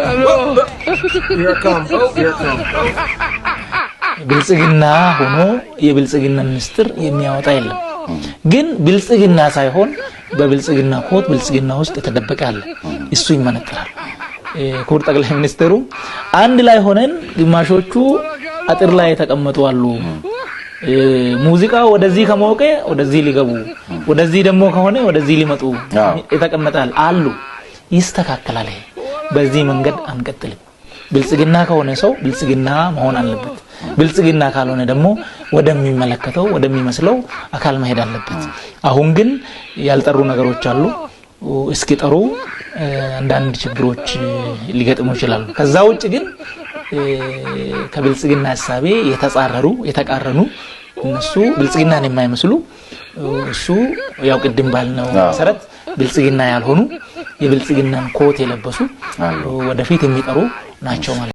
Oh. ብልጽግና ሆኖ የብልጽግና ሚኒስትር የሚያወጣ የለም። ግን ብልጽግና ሳይሆን በብልጽግና ኮት ብልጽግና ውስጥ የተደበቀ አለ። እሱ ይመነጥራል ኮር ጠቅላይ ሚኒስትሩ አንድ ላይ ሆነን ግማሾቹ አጥር ላይ ተቀመጡ አሉ። ሙዚቃ ወደዚህ ከመወቀ ወደዚህ ሊገቡ፣ ወደዚህ ደግሞ ከሆነ ወደዚህ ሊመጡ ይተቀመጣል አሉ። ይስተካከላል። በዚህ መንገድ አንቀጥልም። ብልጽግና ከሆነ ሰው ብልጽግና መሆን አለበት። ብልጽግና ካልሆነ ደግሞ ወደሚመለከተው ወደሚመስለው አካል መሄድ አለበት። አሁን ግን ያልጠሩ ነገሮች አሉ። እስኪጠሩ አንዳንድ ችግሮች ሊገጥሙ ይችላሉ። ከዛ ውጭ ግን ከብልጽግና ሀሳቤ የተጻረሩ የተቃረኑ እነሱ ብልጽግናን የማይመስሉ እሱ ያው ቅድም ባልነው መሰረት ብልጽግና ያልሆኑ የብልጽግናን ኮት የለበሱ ወደፊት የሚጠሩ ናቸው ማለት